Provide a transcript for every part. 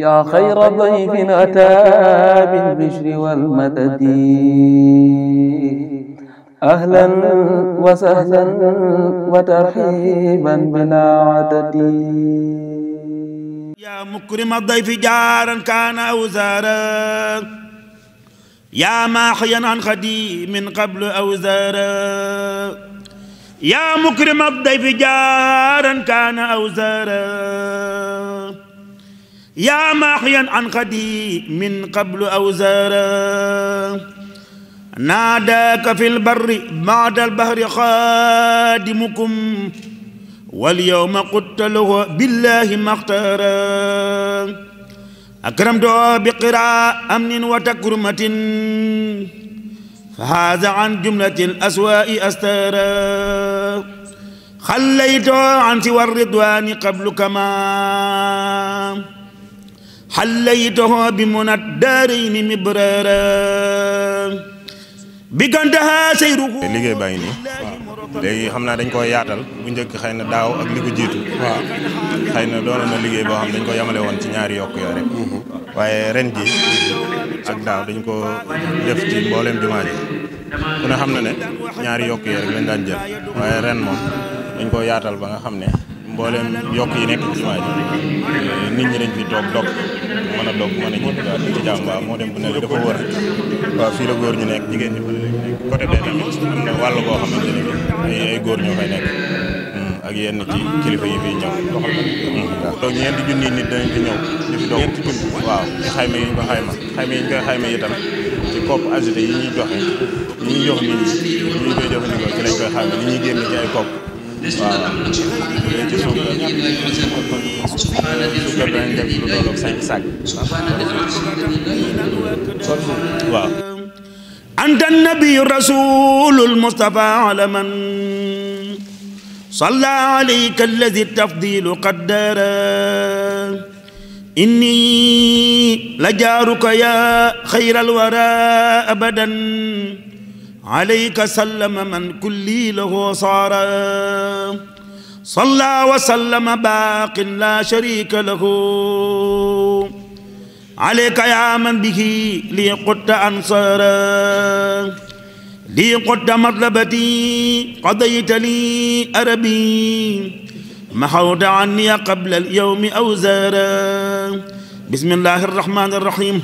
yaa xayra dayfin ataa bil bishri wal madadi ahlan wa sahlan wa tarhiiban bilaa adadi yaa mukrima dayfi jaaran kaana aw zaaran yaa maaxiyan an xadiimin qablu aw zaaran yaa mukrima dayfi jaaran kaana aw zaaran yaa maaxiyan an xadi min qablu aw zara naadaaka fi lbarri baada albahri xaadimukum walyowma quttaluhu billahi maxtara akramtoo bi qira amnin wa takrumatin fa haada an jumlati alaswaai astara xallaytoo an siwa ridwani qablu kama bi حليته بمنى الدارين مبرارا بكنتها سيره liggéey baa ngi nii léegi xam naa dañ koo yaatal bu njëkk xëy na daaw ak li ko jiitu waaw xëy na doon na liggéey boo xam dañ ko yamale woon ci ñaari yokk yoo rek mhm. waaye ren ji daaw dañ ko ci mboolem jumaa ji xam na ne ñaari yokk yoo lañ daan jël waaye ren moom dañ koo yaatal ba nga xam ne mbooleem yokk yi nekk ci jumaa ji nit ñi dañ fi toog dog mën a dog mën a ñibbi daal ci jàmm waaw moo dem bu ne dafa wër waaw fii la góor ñu nekk jigéen ñi fa nekk côté bee tamit am na wàll boo xamante ne bi ay góor ñoo fay nekk hmm, ak yenn ci kilifa yi fiy ñëw doxal hmm, waaw donc ñeenti junni nit danañ fi ñëw ñu fi doog ñeenti junni waaw ci xayma yi ñu ko xayma xayma yi ñu koy xayma yi tamit ci kopp agité yi ñuy joxe yi ñuy jox nit ñi ñu koy jëfandikoo ci lañ koy xayma li ñuy génn ci ay kopp waaw suukar dañ def lu tolloog cinq sacs waaw anta nabiyu rasulul mustafa alaman صلى عليك الذي التفضيل قدر إني لجارك يا خير الورى أبدا عليك سلم من كلي له صار صلى وسلم باق لا شريك له عليك يا من به لي قد أنصارا لي قد مطلبتي قضيت لي أربي محوت عني قبل اليوم أوزارا بسم الله الرحمن الرحيم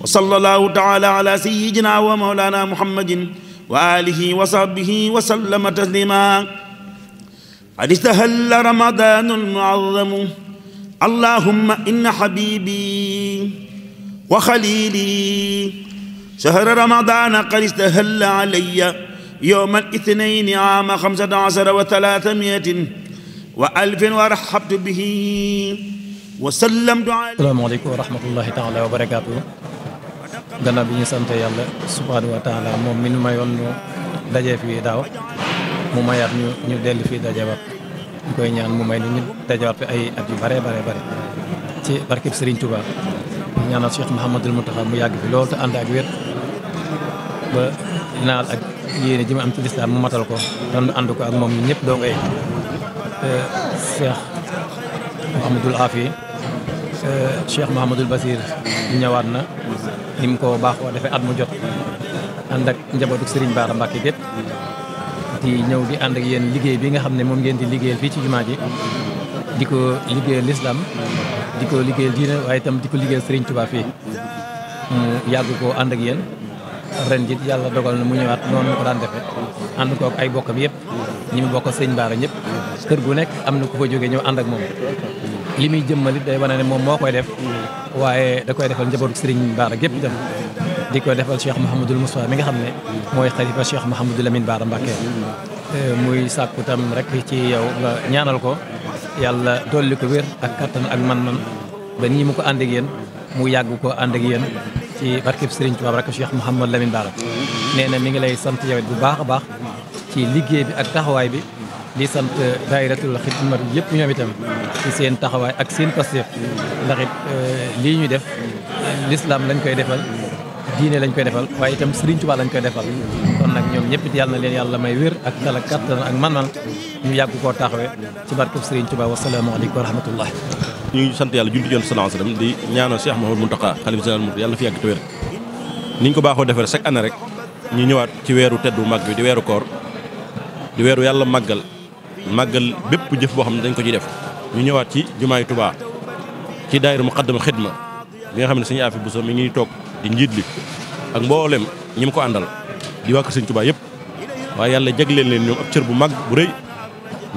وصلى الله تعالى على سيدنا ومولانا محمد wa alihi wa sahbihi wa sallama taslima qad istahalla ramadanul muazzamu allahumma inna habibi wa khalili shahra ramadana qad istahalla alayya yawma al-ithnayni ama khamsata ashara wa thalathamiatin wa alfin wa rahabtu bihi wa sallamtu alayhi. Assalaamu aleykum wa rahmatullahi taala wa barakaatuh gannaaw bi ñu sant yàlla subhaanahu wa taala moom mi nu mayoon ñu daje fii daaw mu mayaat ñu ñu dellu fii dajewaat ñu koy ñaan mu may ni ñu dajewaat fi ay at yu bare bare bare ci barkeb Sëriñ Tuubaa ñaanal Cheikh Mouhamadul Mountakha mu yàgg fi loolu te ànd ak wér ba naal ak yéene ji am ci lislaam mu matal ko dan ànd ko ak moom ñu ñëpp doog ay Cheikh Mouhamadul Afi Cheikh Mouhamadul Basir ñëwaat na ni mu ko baaxoo defee at mu jot ànd ak njabootu Serigne Bara Mbacke gépp di ñëw di ànd ak yéen liggéey bi nga xam ne moom ngeen di liggéeyal fii ci jumaa di ko liggéeyal lislaam di ko liggéeyal diine waaye itam di ko liggéeyal sëriñ Touba fii mu yàgg koo ànd ak yenn ren ji yàlla dogal na mu ñëwaat noonu ko daan defee ànd kook ay bokkam yëpp ñi mu bokk sëñ Baara ñëpp kër gu nekk am na ku fa jógee ñëw ànd ak moom li muy jëmmalit day wane ne moom moo koy def waaye da koy defal njabootu Serigne Bara gépp itam di ko defal Cheikh Mouhamadul Moustapha mi nga xam ne mooy xalifa Cheikh Mouhamadul Amine Bara Mbacké euh, muy sàkku tam rek ci yow nga ñaanal ko yàlla dolli ko wér ak kattan ak man-man ba nii mu ko ànd ak mu yàgg ko ànd ak yéen ci barkeb Serigne Touba rek Cheikh Mouhamadul Amine Bara nee na mi ngi lay sant yow bu baax a baax ci liggéey bi ak taxawaay bi di sant daayiratul xidma yëpp ñoom itam ci seen taxawaay ak seen pastéef ndax it euh, lii ñuy def lislaam lañ koy defal diine lañ koy defal waaye itam Sëriñ Tuubaa lañ koy defal kon nag ñoom ñëpp yàlla na leen yàlla may wér ak dal ak ak man-man ñu yàgg koo taxawee ci barkeb Sëriñ Tuubaa wasalaamaaleykum wa rahmatullah ñu ngi sant yàlla junti jont sallallahu alayhi wasallam di ñaanal Cheikh Mouhamadou Mountakha xalifa général Mouride yàlla fi yàgg te wér ni ko baaxoo defee chaque année rek ñu ñëwaat ci weeru teddu mag bi di weeru koor di weeru yàlla màggal màggal bépp jëf boo xam ne dañ ko ci def ñu ñëwaat ci yi Touba ci daayira Muqaddam Xidma bi nga xam ne sëñ Afi Bousso mi ngi toog di njiit li ak mbooleem ñi mu ko àndal di wàkk sëñ Touba yëpp waaye yàlla jeg leen ñoom ab cër bu mag bu rëy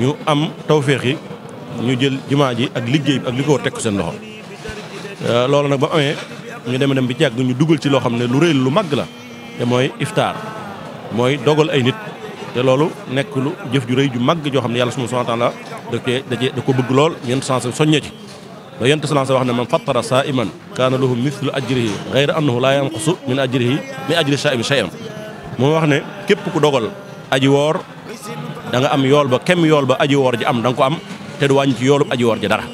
ñu am tawféex yi ñu jël jumaa ji ak liggéey bi ak li ko war teg seen loxo euh, loolu nag ba amee ñu deme dem bi ci ñu dugal ci loo xam ne lu rëy lu mag la te mooy iftaar mooy dogal ay nit te loolu nekk jëf ju rëy ju màgg joo xam ne yàlla subhaanahu wa taala da cee da da ko bëgg lool yent sens soññe ci ba yent sens wax ne man fattara saa'iman kaana lahu mithlu ajrihi ghayra annahu laa yanqusu min ajrihi min ajri saa'imi shay'an moo wax ne képp ku dogal aji woor danga am yool ba kem yool ba aji woor ji am da nga ko am te du wàññi ci yoolub aji woor ji dara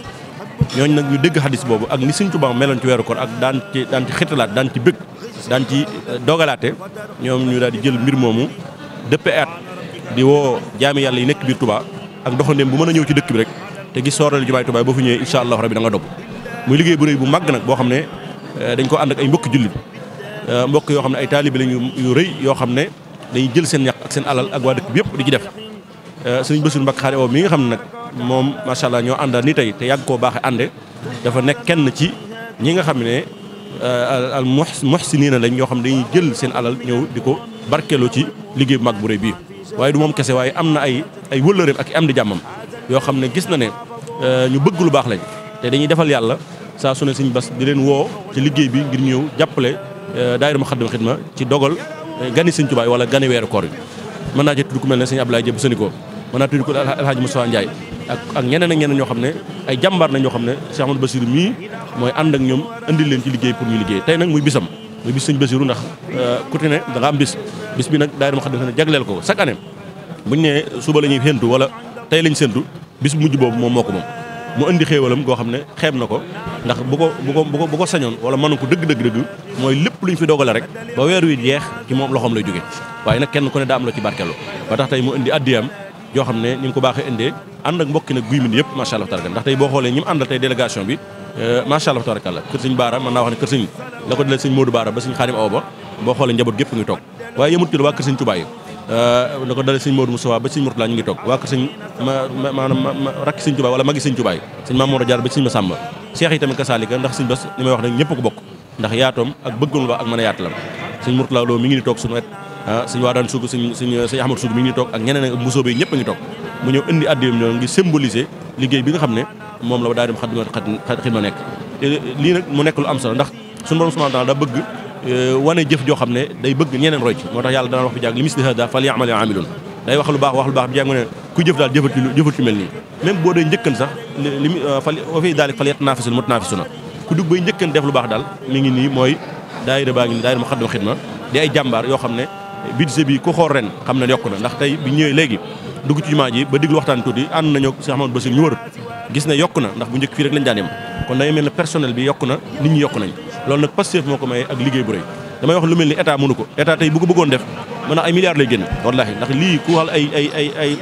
ñooñu nag ñu dégg xadis boobu ak ni Sëñ Tuubaa meloon ci weeru koor ak daan ci daan ci xitalaat daan ci bëgg eh, ñoom ñu daal di jël mbir moomu dëppe at di woo jaami yàlla yi nekk biir Touba ak doxandéem bu mën a ñëw ci dëkk bi rek te gis soorali jumaay Touba boo fi ñëwee incha allah rabi da nga dobb muy liggéey bu rëy bu màgg nag boo xam ne eh, dañ ko ànd ak ay mbokki jullit eh, mbokk yoo xam ne ay taalibe lañ yu rëy yoo xam ne dañuy jël seen ñaq seen alal ak waa dëkk bi ci def eh, sëriñ Bassirou Mbacké Khady mi nga xam nag moom macha allah ñoo àndal ni tey te yàgg koo baaxe ànde dafa nekk kenn ci ñi nga xam ne al muhsiniina lañ ñoo xam ne dañuy jël seen alal ñëw di ko barkeeloo ci liggéey bu mag bu rëy bii waaye du moom kese waaye am na ay ay wëllëreem ak am di jàmmam yoo xam ne gis na ne euh, ñu bëgg lu baax lañ te dañuy defal yàlla saa su ne Sëñ Bass di leen woo ci liggéey bi ngir ñëw jàppale euh, daayira Moukhaddamatoul Khidma ci dogal euh, gani Sëñ Tuubaa wala gani weeru koor yi mën naa tudd ku mel ne Sëñ Abdoulaye Diop Sénico mën naa tudd ko Alhaji Moussa Ndiaye ak ak ñeneen ak ñeneen ñoo xam ne ay jàmbaar na ñoo xam ne Cheikh Amadou Bassirou mii mooy ànd ak ñoom indi leen ci liggéey pour liggéey tey nag muy bisam muy bis sëñ Basiru ndax euh, ku ti ne da nga am bis bis bi nag daayira Muxaddamatul Xidma jagleel ko chaque année buñ ne suba la ñuy séntu wala tey lañ séntu bis bu mujj boobu moom moo ko moom mu indi xéewalam goo xam ne xeeb na ko ndax bu ko bu ko bu ko sañoon wala mënu ko dëgg dëgg dëgg mooy lépp lu ñu fi dogale rek ba weer wi jeex ci moom loxoom lay jóge waaye nag kenn ku ne daa am la ci barkelo ba tax tey mu indi addiyam yoo xam ne ñu mu ko baaxee indee ànd ak mbokki nag guy mi tey boo xoolee ñi mu àndal bi Euh, macha allah tabarakallah kër sëñ baara mën naa wax ne kër sëñ la ko dalee sëñ Modou Baara ba sëñ Xaadim Awa ba boo xoolee njaboot gépp ngi toog waaye yëmut euh, la ñu ngi toog waa kër sëñ maanaam rakki sëñ Tuubaa wala magi sëñ Tuubaa yi sëñ ba sëñ Masamba seex yi ndax sëñ may wax nag ñëpp ko bokk ndax yaatoom ak bëggoon wax ak mën a yaatalam sëñ mi ngi ni toog suñu wet ah, sëñ Waadaan Sugu sëñ sëñ sëñ Ahmad Sugu mi ngi toog ak ñeneen ak mbusoo bi ñëpp a ngi toog mu ñëw indi addiyam ñoo ngi symboliser liggéey bi nga xam ne moom la daayira Moukhaddamatoul Khidma nekk te lii nag mu nekk lu am solo ndax suñu borom subhanahu wa taala da bëgg euh, wane jëf joo xam ne day bëgg ñeneen roy ci moo tax yàlla dana wax bi jàgg li misli hada fal ya'mal aamiluun day wax lu baax wax lu baax bi jàgg mu ne ku jëf daal jëfat jëfat ci mel euh, ku dugg bay njëkkan def lu baax daal mi ngi nii mooy daayira baa ngi nii daayira Moukhaddamatoul Khidma di ay jàmbaar yoo xam ne budget bi ku xool ren xam ne yokk na ndax tey bi ñëwee léegi dugg ci jumaa ji ba diglu waxtaan tuuti ànd nañoo si Ahmadou gis na yokk na ndax bu njëkk fii rek lañ daan yem kon day mel ne personnel bi yokk na nit ñi yokk nañ loolu nag Pastef moo ko maye ak liggéey bu rëy damay wax lu mel ni état mënu ko état tey bu ko bëggoon def mën na ay lay génn wallahi ndax lii ku waxal ay ay ay ay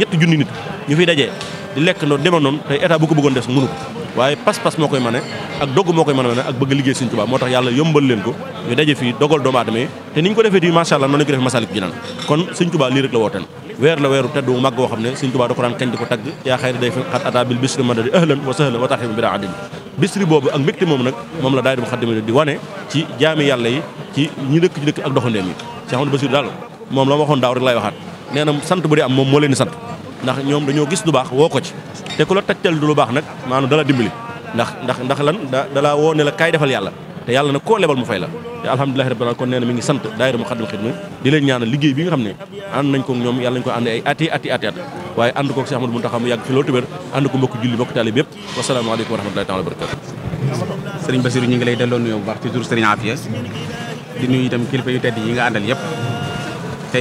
ñetti junni nit ñu fi dajee di lekk ndoon demoon noonu tey état bu ko bëggoon def mënu ko waaye pas-pas moo koy mane ak dogg moo koy mën a mane ak bëgg liggéey Sëriñ Tuubaa moo tax weer la weeru tedd wu mag woo xam ne Sëriñ Tuubaa da ko daan kañ di ko tagg yaa xayri day fi xat ataa bil bisri madadi ahlan wa sahlan wa tahrim bi adin bisri boobu ak mbégte moom nag moom la daayira Muxaddamatul di wane ci jaami yàlla yi ci ñi dëkk ci dëkk ak doxandeem yi Cheikh Amadou Bassirou daal moom la ma waxoon daaw rek laay waxaat nee na sant bu dee am moom moo leen di sant ndax ñoom dañoo gis lu baax woo ko ci te ku la tegtal du lu baax nag maanaam dala ndax ndax ndax lan da dalaa woo ne la kaay defal yàlla te yàlla nag koo lebal mu fay la te alhamdulilahi rabbil alamin kon nee mi ngi sant daayira Muxaddam Xidma di leen ñaanal liggéey bi nga xam ne ànd nañ ko ñoom yàlla nañ ko ay ati ati ati at waaye ànd ko Cheikh Ahmadou Mountakha mu yàgg fi loolu tëbër ànd ko mbokk julli mbokk taalib yëpp wasalaamaaleykum wa rahmatullahi taala wa barakatu sëriñ Basiru ñu ngi lay delloo nuyoo bu baax ci tur sëriñ Afia di nuyu itam kilifa yu tedd yi nga àndal yëpp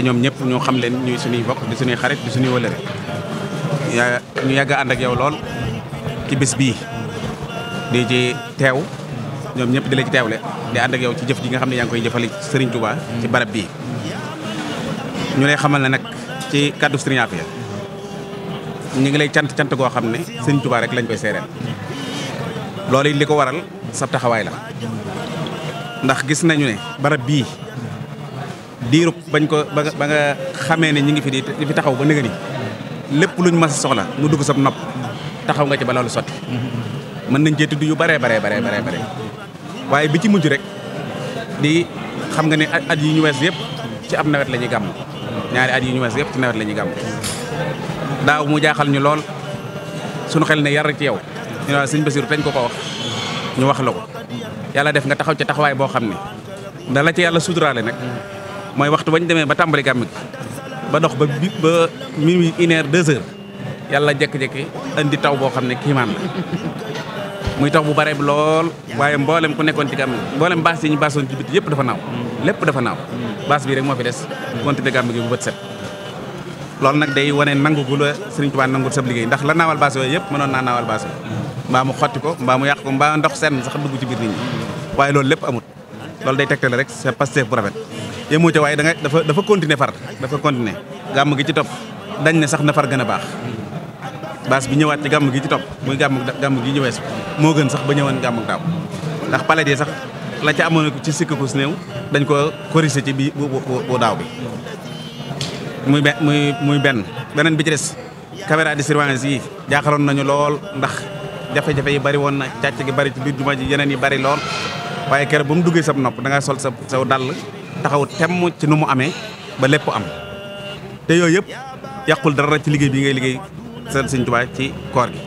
ñoom ñëpp ñoo xam leen ñuy suñuy bokk di suñuy xarit di suñuy wëlëre ñu yàgg ànd ak yow lool ci bis bii di ci teew ñoom ñëpp di la ci teewle di ànd ak yow ci jëf ji nga xam ne yaa ngi koy jëfale Serigne Touba ci barab bii ñu lay xamal ne nag ci kaddu Serigne Afia ñu ngi lay cant cant goo xam ne Serigne Touba rek lañ koy seereel loolu it li ko waral sab taxawaay la ndax gis nañu ne barab bii diirub bañ ko ba nga xamee ne ñi ngi fi di fi taxaw ba nëgë ni lépp luñ mas a soxla mu dugg sab nopp taxaw nga ci ba loolu sotti mën nañ cee tudd yu bare bare bare bare bare waaye bi ci mujj rek di xam nga ne at yi ñu wees yëpp ci ab nawet la ñuy gàmm ñaari at yi ñu wees yëpp ci nawet la ñuy gàmm daaw mu jaaxal ñu lool suñu xel ne yar ci yow ñu ne sëñ Basiru tañ ko ko wax ñu wax la ko yàlla def nga taxaw ci taxawaay boo xam ne da la ci yàlla suturaale nag mooy waxtu bañ demee ba tàmbali gàmm gi ba dox ba bi ba minuit une heure deux heures yàlla jékki andi taw boo xam ne kiimaan la muy tax bu bare bi lool waaye mboolem ku nekkoon ci gàmm mboolem baas yi ñu baasoon ci biti yëpp dafa naaw lépp dafa naaw baas bii rek moo fi des continuer gàmm gi bu bët set loolu nag day wane nangu gu la Sëriñ Tuubaa nangul sab liggéey ndax la naawal baas yooyu yëpp mënoon naa naawal baas mbaa mu xotti ko mbaa mu yàq ko mbaa ndox seen sax dugg ci biir nit ñi waaye loolu lépp amut loolu day tegtale rek sa Pastef bu rafet yemoo ca waaye da dafa dafa continuer far dafa continuer gàmm gi ci topp dañ ne sax na far gën a baax baas bi ñëwaat ci gàmm gi ci topp muy gàmm gàmm gi ñu weesu moo gën sax ba ñëwoon gàmm daaw ndax palet sax la ca amoon ci sikk ku si néew dañ ko corrigé ci bi bu daaw bi muy muy muy benn beneen bi ci des caméra de surveillance yi jaaxaloon nañu lool ndax jafe-jafe yi bari woon na càcc gi bari ci biir jumaa ji yeneen yi bari lool waaye kër ba mu duggee sab nopp da sol sa saw dàll taxaw temm ci nu mu amee ba lépp am te yooyu yëpp yàqul dara ci liggéey bi ngay liggéey seen sëñ Tuubaa ci koor gi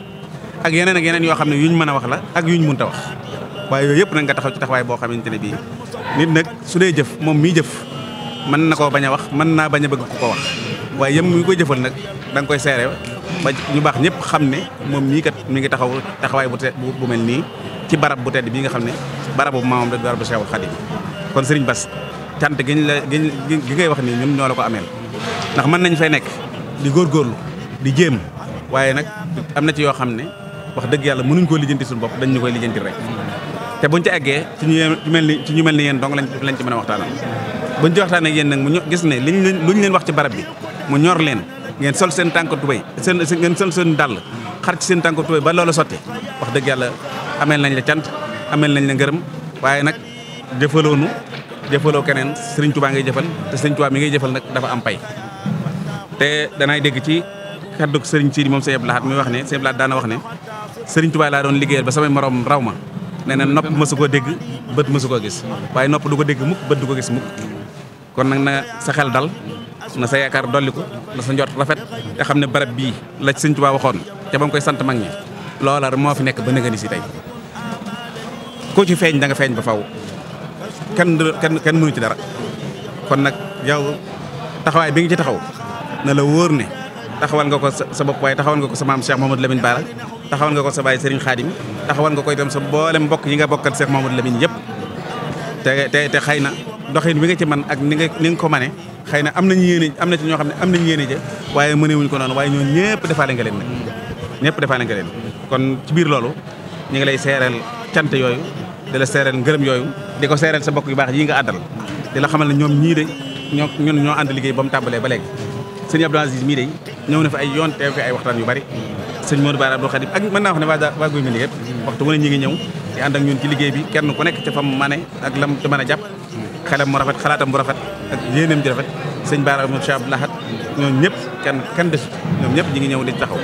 ak yeneen ak yeneen yoo xam ne yuñ mën a wax la ak yuñ mënta wax waaye yooyu yëpp nag nga taxaw ci taxawaay boo xamante ne bii nit nag su dee jëf moom mii jëf mën na koo bañ a wax mën naa bañ a bëgg ku ko wax waaye yëm mi ko jëfal nag danga koy seere ba ñu baax ñëpp xam ne moom mii kat mi ngi taxaw taxawaay bu bu mel nii ci barab bu tedd bii nga xam ne barab bu maamam da barab bu Seexul Xadiim kon Sëriñ Bas cant giñ la giñ gi ngay wax nii ñun ñoo la ko ameel ndax mën nañ fay nekk di góorgóorlu di jéem waaye nag am na ci yoo xam ne wax dëgg yàlla mënuñ koo lijjanti suñu bopp dañ ñu koy lijjanti rek te buñ ci eggee ci ñu mel ni ci ñu mel ni yéen lañ lañ ci mën a waxtaanal buñ ci waxtaanee ak nag mu gis ne liñ leen luñ leen wax ci barab bi mu ñor leen ngeen sol seen tànk tubéy seen ngeen sol seen dàll xar ci seen tànk tubéy ba loola sotti wax dëgg yàlla ameel nañ la cant ameel nañ la ngërëm waaye nag jëfaloonu jëfaloo keneen Sëriñ Tuubaa ngay jëfal te Sëriñ Tuubaa mi ngay jëfal nag dafa am pay kaddu ko sëriñ Sidi moom Sëñ Abdou Lahad wax ne Sëñ Abdou Lahad daana wax ne sëriñ Tuubaa laa doon liggéeyal ba samay morom raw ma nee na nopp mësu ko dégg bët mësu koo gis waaye nopp du ko dégg mukk bët du ko gis mukk kon nag na sa xel dal na sa yaakaar dolliku na sa njort rafet te xam ne barab bii la ci Sëñ Tuubaa waxoon te ba koy sant mag ñi loola moo fi nekk ba nëgëni si tey ku ci feeñ da nga feeñ ba faw kenn kenn kenn mënu ci dara kon nag yow taxawaay bi nga ci taxaw na la wóor ne taxawal nga ko sa bopp waaye taxawal nga ko sa maam Cheikh Mamadou Lamine Bara taxawal nga ko sa baay Serigne Khadim taxawal nga ko itam sa boolem bokk yi nga bokkal Cheikh Mamadou Lamine yëpp te te te na doxin wi nga ci man ak ni nga ni nga ko mane xëy na am nañu yéene am na ci ñoo xam ne am nañu yéene ja waaye wuñ ko noonu waaye ñoo ñëpp defaale nga leen nag ñëpp defaale nga leen kon ci biir loolu ñu ngi lay seeral cant yooyu di la seeral ngërëm yooyu di ko seeral sa bokk yu baax yi nga àddal di xamal ne ñoom ñii de ñoo ñun ñoo ànd liggéey ba mu tàmbalee ba léegi sëñ Abdou Aziz mii de ñëw na fi ay yoon teew fi ay waxtaan yu bari sëñ Modou Bara Abdou Khadim ak mën naa wax ne waa waa guy mel ni yëpp waxtu wu ne ñi ngi ñëw di ànd ak ñun ci liggéey bi kenn ku nekk ca fam mane ak lam ca mën a jàpp xelam mu rafet xalaatam bu rafet ak yéenam ji rafet sëñ Bara Abdou Cheikh Abdou Lahad ñoom ñëpp kenn kenn des ñoom ñëpp ñi ngi ñëw di taxaw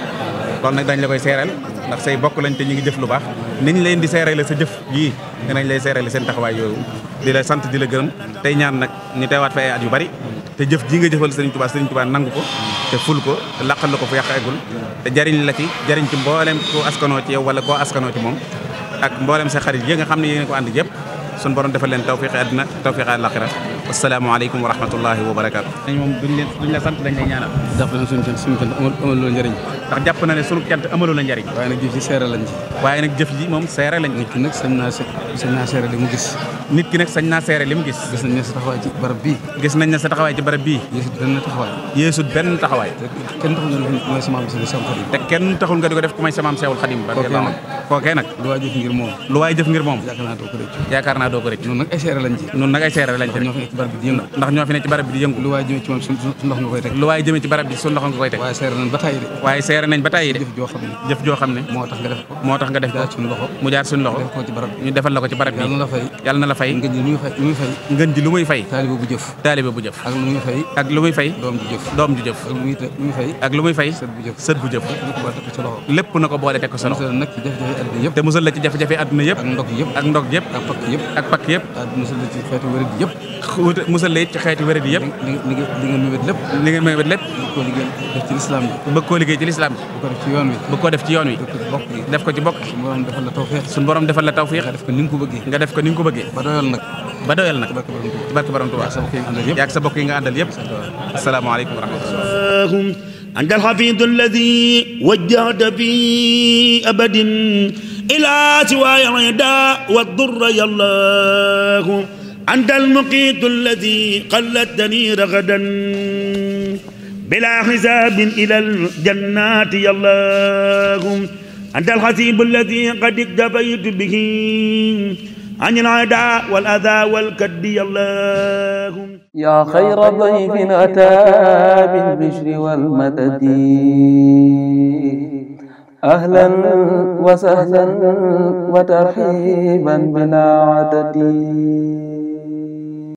loolu nag dañ la koy seeral ndax say bokk lañ te ñu ngi jëf lu baax niñ leen di seerale sa jëf yii dinañ lay seerale seen taxawaay yooyu di la sant di la gërëm tey ñaan nag ñu teewaat fa ay at yu bari te jëf ji nga jëfal Serigne Touba Serigne Touba nangu ko te ful ko te laqal la ko fu yàq eggul te jariñ la ci jariñ ci mboolem koo askanoo ci yow wala koo askanoo ci moom ak mboolem sa xarit yi nga xam ne yéen ko ànd yëpp suñu borom defal leen tawfiq àddina tawfiq àlaxira asalaamaaleykum wa rahmatullahi wa barakaatu. dañ moom duñ leen duñ la sant dañ lay ñaanal. jàpp na suñu cant suñu cant amalu la njëriñ. ndax jàpp na ne suñu cant amalu la njëriñ. waaye nag jëf ji seere lañ ci. waaye nag jëf ji moom seere lañ. nit ki nag sañ naa se sañ naa seere li mu gis. nit ki nag sañ naa seere li mu gis. gis nañ ne sa taxawaay ci barab bii. gis nañ ne sa taxawaay ci barab bii. yeesut benn taxawaay. yeesut benn taxawaay. te kenn taxul nga def ku may samaam seewul xadim. te kenn taxul nga di ko def ku may samaam seewul xadim. kookee nag lu waay jëf ngir moom. lu waay jëf ngir moom. yaakaar naa doo ko rëcc. yaakaar naa doo ko rëcc. noonu nag ay seere lañ ci. noonu nag ay seere lañ ci barab bi di yëngu ndax ñoo fi ci barab bi di yëngu lu waaye jëmee ci barab bi su ndox nga koy teg waaye seere nañ ba tàyyi de jëf joo xam ne moo tax nga def ko moo loxo ñu defal la ko ci barab bi yàlla na la fay ngën ji lu muy fay ngën ji lu muy fay ak lu muy fay sët bu jëf lépp na ko boole teg ko sa wuta musal la it ci xeeti wéradi yëpp. li li ngeen mébét lépp. li ngeen mébét lépp. bëgg koo liggéey def ci lislaam bi. bëgg koo liggéey ci lislaam bi. bëgg ko def ci yoon wi. bëgg koo def ci yoon wi. def ko ci bokk yi. suñu borom defal la tawféex. nga def ko ni nga ko bëggee. nga def ko ni nga ko bëggee. ba doyal nag. ba doyal nag. barke borom Tuubaa yaag sa bokk yi nga àndal yëpp. asalaamaaleykum wa rahmatulah. أنت الحفيظ الذي وجهت في أبد إلى سواي الرضا والضر يا الله أنت المقيت الذي قلتني رغدا بلا حساب إلى الجنات يا الله أنت الحسيب الذي قد اكتفيت به عن العداء والأذى والكد يا الله يا خير ضيف أتى بالبشر والمدد أهلا وسهلا وترحيبا بلا عدد